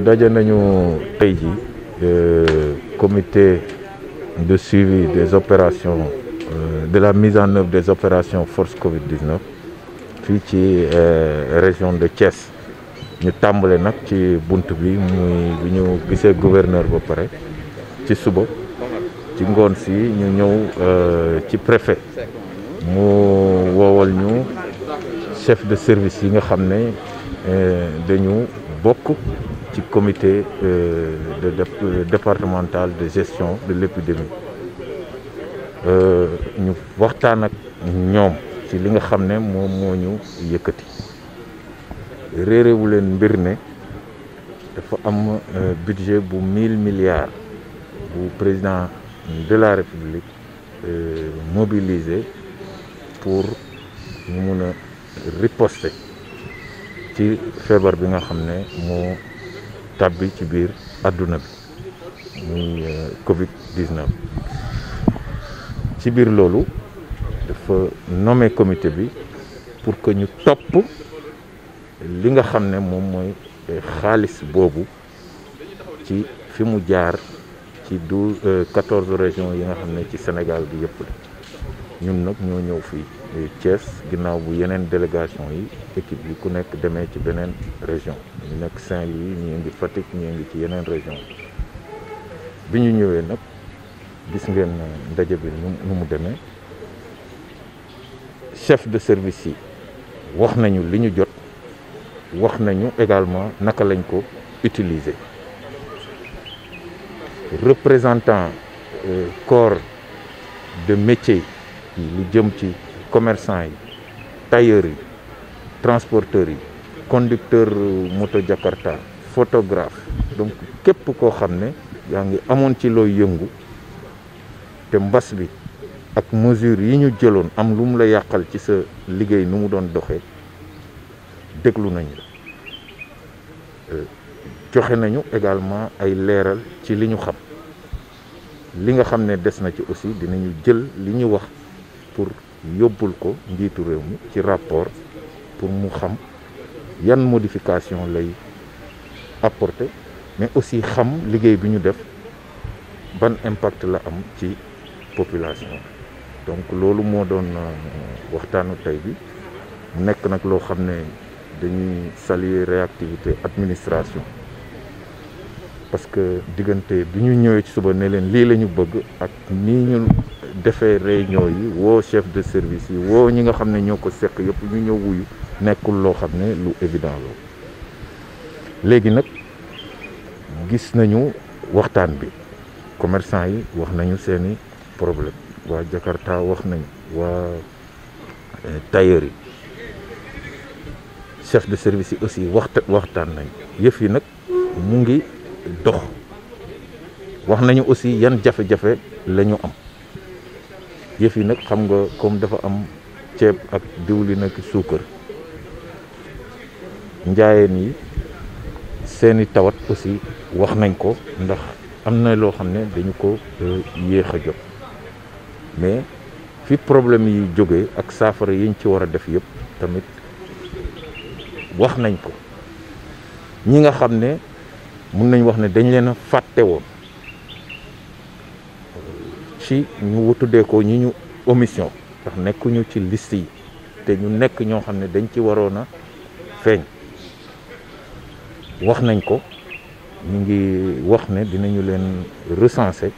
daje nañu tey ji euh, comité de suivi des opérations euh, de la mise en œuvre des opérations force Covid-19 fii ci euh, région de Thiès ñu tàmbale nag ci bunt bi muy bi ñu gisee gouverneur ba pare ci suba ci ngoon si ñu ñëw ci préfet mu woowal ñu chef de service yi nga xam ne dañu bokk ci comité euh, de, de, euh, de gestion de l'épidémie euh, ñu waxtaan ak ñoom ci li nga xam ne moom moo ñu yëkkati réerewu leen mbir ne dafa am euh, budget bu mille milliards bu président de la république euh, pour ñu mun a riposter ci feebar bi nga xam ne moo tàbbi ci biir àdduna bi muy euh, Covid ci biir loolu dafa nome comité bi pour que ñu topp li nga xam ne moom mooy xaalis boobu ci fi mu jaar ci douze euh, quatorze régions yi nga xam ne ci Sénégal bi yëpp la. ñun nag ñoo ñëw fii Thiès ginnaaw bu yeneen délégation yi équipe yi ku nekk demee ci beneen région ñu nekk saint yi ñii ngi Fatick ñii ngi ci yeneen région bi ñu ñëwee nag gis ngeen ndaje bi nu mu demee chef de service yi wax nañu li ñu jot wax nañu également naka lañ ko utiliser représentant euh, corps de métier yi lu jëm ci commerçant yi tailleur yi transporteur yi conducteur euh, moto Jakarta photographe donc képp koo xam ne yaa ngi amoon ci looy yëngu te mbas bi ak mesure yi ñu jëloon am lu mu la yàqal ci sa liggéey nu mu doon doxe déglu nañu euh, joxe nañu également ay leeral ci li ñu xam li nga xam ne des na ci aussi dinañu jël li ñu wax pour yóbbul ko njiitu réew mi ci rapport pour mu xam yan modification lay apporter mais aussi xam liggéey bi ñu def ban impact la am ci population donc loolu moo doon euh, waxtaanu tey bi mu nekk nag loo xam ne dañuy saluer réactivité administration parce que diggante bi ñu ñëwee ci suba ne leen lii la ñu bëgg ak nii ñu defee réunion yi woo chef de service yi woo ñi nga xam ne ñoo ko seq yëpp ñu ñëw wuyu nekkul loo xam ne lu évident la léegi nag gis nañu waxtaan bi commerçant yi wax nañu seeni problème waa Jakarta wax nañu waa euh, tailleur yi chef de service yi aussi waxta waxtaan nañu yëf yi nag mu ngi dox wax nañu aussi yan jafe-jafe la ñu am yëf yi nag xam nga comme dafa am ceeb ak diwlin ak suukar njaayeen yi seeni tawat aussi wax nañ ko ndax am na loo xam ne dañu ko euh, yéex a jot mais fi problème yi jóge ak saafara yiñ ci war a def yëpp tamit wax nañ ko ñi nga xam ne mun nañ wax ne dañ leen a fàtte woon ci ñu tuddee ko ñi ñu omission ndax nekkuñu ci liste yi te ñu nekk ñoo xam ne dañ ci waroon a feeñ wax nañ ko ñu ngi wax ne dinañu leen recenser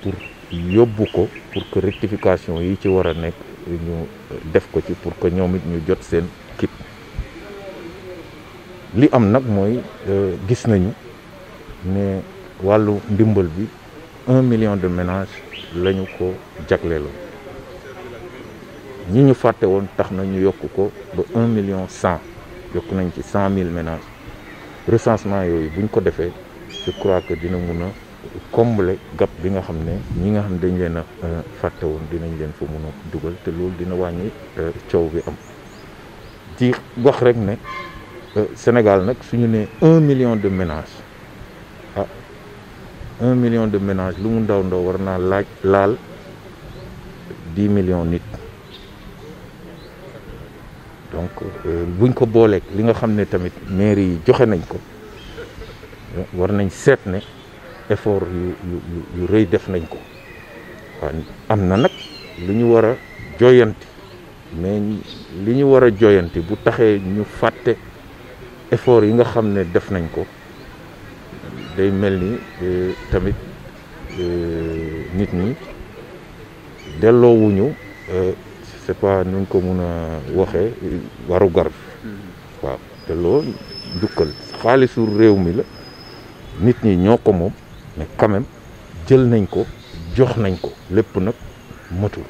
pour yóbbu ko pour que rectification yi ci war a nekk ñu def ko ci pour que ñoom ñu jot seen kit li am nag mooy euh, gis nañu ne wàllu ndimbal bi un million de ménages lañu ko jagleeloon ñi ñu fàtte woon tax na ñu yokk ko ba un million cent yokk nañ ci cent mille ménages recensement yooyu buñ ko defee je crois que dina muna a combler bi nga xam ne ñi nga xam dañ leen a euh, fàtte woon dinañ leen fa mun dugal te loolu dina wàññi euh, coow bi am di wax rek ne euh, Sénégal nag suñu ne un million de ménages un million de ménages lu mu ndaw ndaw war naa laaj laal dix millions nit donc euh, buñ ko booleeg li nga xam ne tamit mairie yi joxe nañ ko war nañ seet ne effort yu yu rëy def nañ ko waaw am na nag lu ñu war a joyanti mais li ñu war a joyanti bu taxee ñu fàtte effort yi nga xam ne def nañ ko day mel ni euh, tamit euh, nit ñi delloowuñu euh, c'est pas nuñ ko mun a waxee waru gar bi mm-hmm. waaw delloo njukkal xaalisu réew mi la nit ñi ñoo ko moom mais quand jël nañ ko jox nañ ko lépp nag matul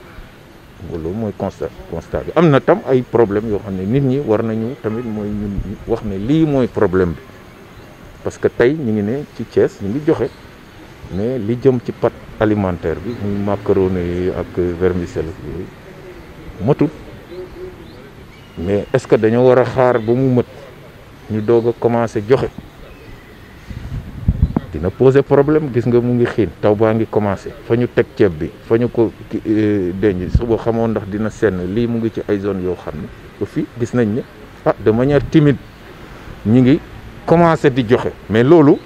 loolu mooy constat constat bi am na tam ay problème yoo xam ne nit ñi war nañu tamit mooy ñun wax ne lii mooy problème bi parce que tey ñu ngi ne ci Thiès ñu ngi joxe mais li jëm ci pat alimentaire bi muy macaroni yi ak vermicelle yooyu matul mais est-ce que dañoo war a xaar ba mu mët ñu doog a commencer joxe dina poser problème gis nga mu ngi xiin taw baa ngi commencer fa ñu teg ceeb bi fa ñu ko euh, denc suba xamoon ndax dina senn lii mu ngi ci ay zone yoo xam ne ba gis nañ ne ah de manière timide ñu ngi. commencé di joxe mais loolu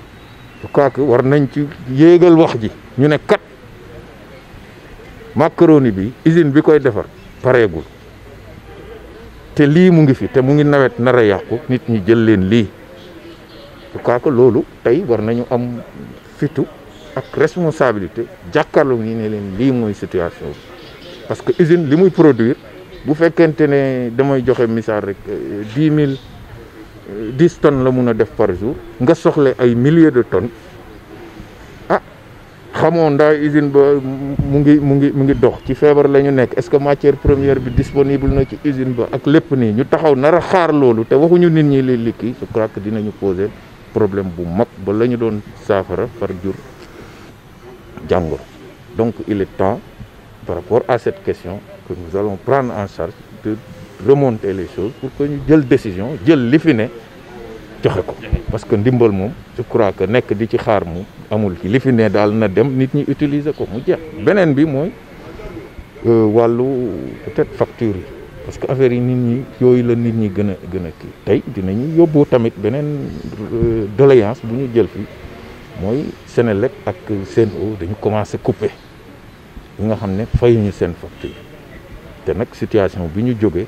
je crois que war nañ ci yéegal wax ji ñu ne kat macaroni bi usine bi koy defar pareegul te lii mu ngi fi te mu ngi nawet nar a nit ñi jël leen lii je crois que loolu tey war nañu am fitu ak responsabilité jàkkaarloo ñi ne leen lii mooy situation parce que usine li muy produire bu fekkente ne damay joxe misaal rek euh, dix mille dix tonnes la mun a def par jour nga soxla ay milliers de tonnes ah xamoo ndaa usine ba mu ngi mu ngi mu ngi dox ci feebar la ñu nekk est-ce que matière première bi disponible na ci usine ba ak lépp nii ñu taxaw nara a xaar loolu te waxuñu nit ñi li likki je crois que dinañu poser problème bu mag ba la ñu doon saafara par jur jàngoro donc il est temps par rapport à cette question que nous allons prendre en charge remonter les choses pour que ñu jël décision jël li fi ne joxe ko parce que ndimbal moom je crois que nekk di ci xaar mu amul fi li fi ne daal na dem nit ñi utiliser ko mu jeex beneen bi mooy euh, wàllu peut-être facture yi parce que affaire yi nit ñi yooyu la nit ñi gën a gën a kii tey dinañu yóbbu tamit beneen euh, doléance bu ñu jël fi mooy Senelec ak Sen'Eau dañu commencé couper ñi nga xam ne fayuñu seen facture te nag situation bi ñu jóge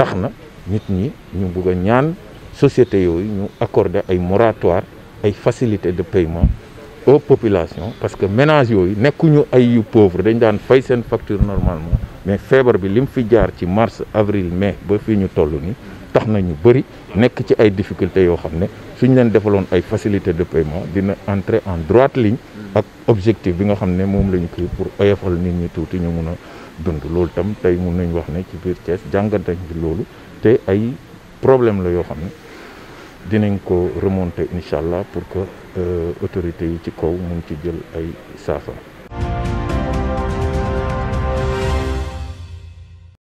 tax na nit ñi ñu bëgg a ñaan société yooyu ñu accorder ay moratoire ay facilité de paiement aux populations parce que ménage yooyu nekkuñu ay yu pauvre dañ daan fay seen facture normalement mais feebar bi li mu fi jaar ci mars avril mais ba fii ñu toll nii tax na ñu bëri nekk ci ay difficultés yoo xam ne suñ leen defaloon ay facilité de paiement dina entre en droite ligne ak objectif bi nga xam ne moom la ñu pour oyofal nit ñi tuuti ñu mun a dund loolu tam tey mun nañ wax ne ci biir Thiès jàngat nañ loolu te ay problème la yoo xam ne dinañ ko remonter incha allah pour que euh, autorités yi ci kaw mun ci jël ay saafara.